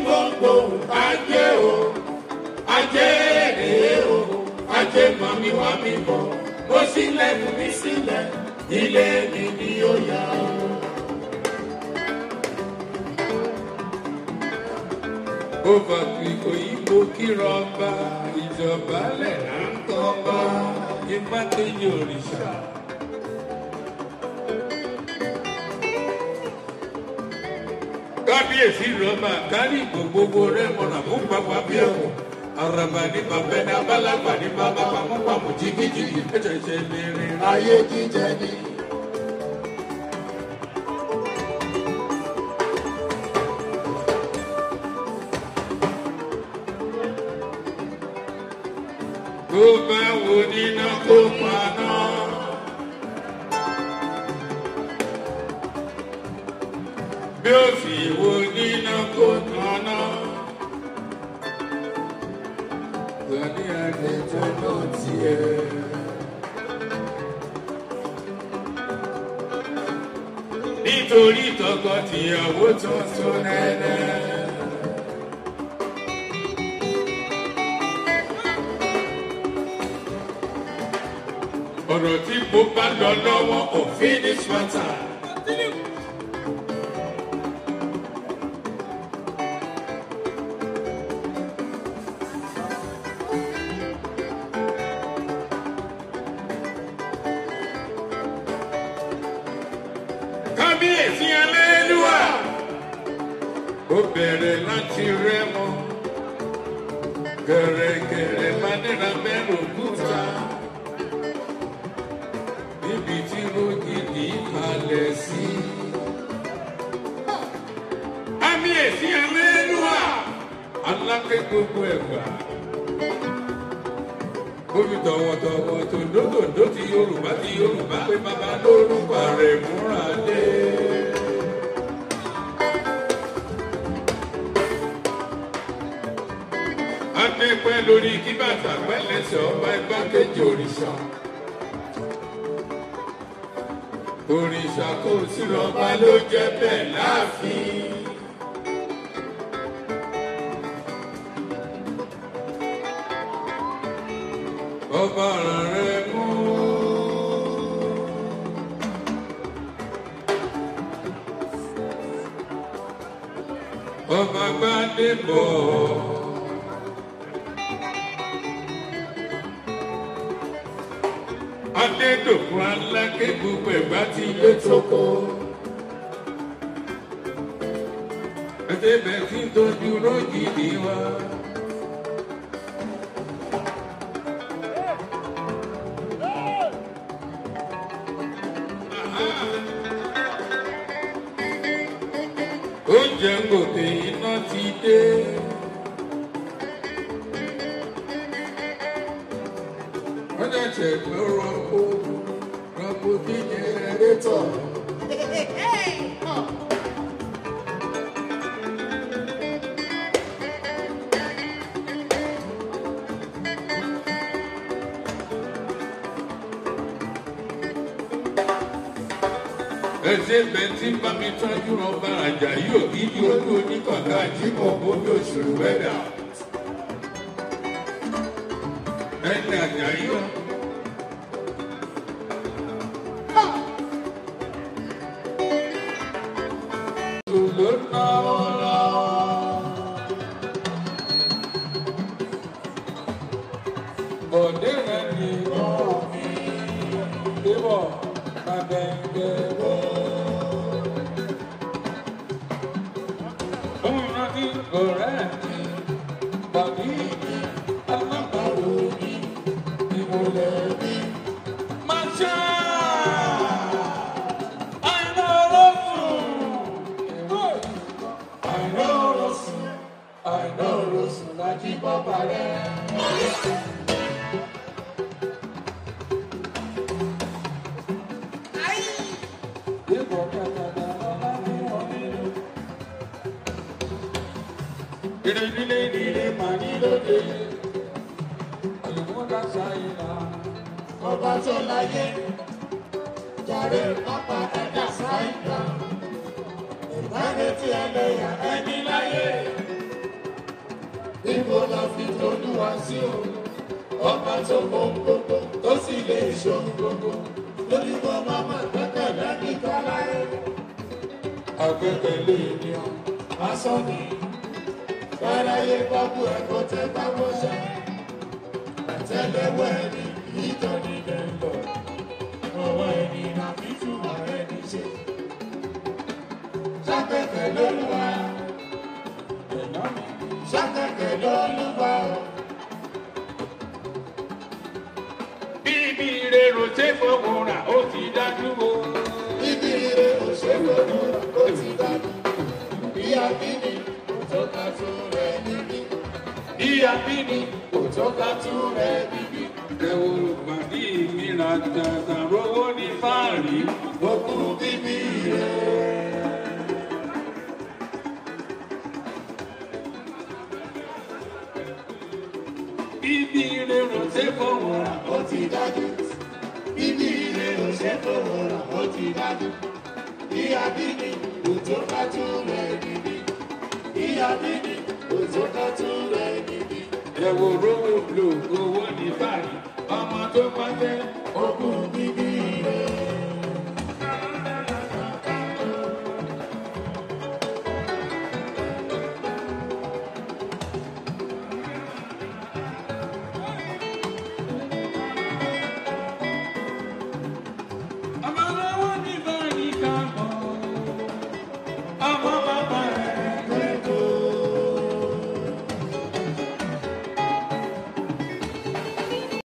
gbogbo ajé o ajé rèé o ajé mami mi wá mi bọ̀ mo sílẹ̀ fún mi sílẹ̀ ilé mi ni ó yá o. ó bá gbìgbò yíbo kírọba ìjọba lẹ̀ ń tọ́ bá ipá tẹ́yẹ òrìṣà. kábíyèsí rọ́mà kárí gbogbo rẹ̀ mọ̀nà fún bàbá bí ẹ̀kọ́ àràbà ní bàbá ní abálàgbà ní bàbá pàmòpàmò jìgìjìgì ẹ̀ṣẹ̀ṣẹ̀ mẹ́rin ayé jíjẹ ni. tó bá wo nínú kó máa náà. bí ó sì wo nínú kó tán náà. Gbọ̀dí àgbẹ̀tọ́ náà tiẹ̀. Nítorí tọkọ-tìyàwó tó so nẹ́nẹ́. ọ̀rọ̀ tí mo bá lọ lọ́wọ́ òfin ní sọ́tà. kábíyèsí ẹlẹ́dùá ó bẹ̀rẹ̀ láti rẹ́mọ gẹ̀rẹ́gẹ̀rẹ́ mádẹ́ra bẹ́rù kúta níbi tí rògidì kalẹ̀ sí. kábíyèsí ẹlẹ́dùá aláké gbogbo ẹ̀gbà omi tọ̀wọ̀tọ̀wọ̀ tòǹdótòǹdó ti Yorùbá ti Yorùbá pé bàbá lórúkọ rẹ̀ múra dé. Adépẹ́ lórí kí bàtà pẹ́lẹ́sẹ̀ ọba igbákejì òrìṣà. Òrìṣà kò sí ọba ló jẹ́ bẹ́ẹ̀ láàfin. Ọba ràn rẹ̀ mú. Ọba gbádé bọ̀. dòkun alákébù pẹ̀gbá ti dé tókó. Ẹ̀dẹ́bẹ̀ tí ń tọ́jú lójijì wá. Oúnjẹ ń gòkè iná ti dé. ṣẹ̀ṣẹ̀ pé ó rọ́pò rọ́pò kí jẹnẹrétọ̀. ẹsẹ bẹẹ tí bá mi yóò kí ojú oníkàkà tí bójú òṣèlú wẹdà. ẹnì àjà yóò. débọ̀ bàbẹ̀ǹdẹ̀ wò. Òun rántí ọ̀rẹ́ mi, bàbí mi, alábàárò mi, ìmọ̀lẹ̀ mi, máa ṣe é. Ire nílé nílé màá ní lóde, àlùmọ́dá ṣáyìnà. Ọba tó láyé, jàre pápá ẹ̀dá ṣáyìnà. Ìbáni tí ẹlẹ́yà ẹni láyé, ibo la fi tolúwa sí o, ọba tó mọ gbogbo. àgbẹ̀tẹ̀lé ni ọ́ asọ́ni fáráyé pápú ẹ̀kọ́ tẹ pápú ṣá àtẹlẹwọ́ ẹni ìjọ nílẹ̀ ń lọ ọwọ́ ẹni nà fífú ààrẹ ní ṣe ṣàkẹ́kẹ́ lólúwa ṣàkẹ́kẹ́ lólúwa o. bíbí rẹ̀ rò ṣe fọwọ́ rà ó ti dájú o. bíbí rẹ̀ rò ṣe fọwọ́ abíní kò tó ká tú rẹ̀ níbí. Bí abíní kò tó ká tú rẹ̀ níbí. Ẹ wo pàdé mi ra tàtà o ní fáàrí. Okùn bíbí rẹ̀. Bíbí o rò ṣe fọwọ́ rà ó ti dájú. Bíbí rẹ̀ rò ṣe òtúkà tún rẹ̀ gidi ìyá bíbí òtúkà tún rẹ̀ gidi. ẹ̀wò rówó lò owó ní báyìí ọmọ tó pàtẹ ogún bíbí.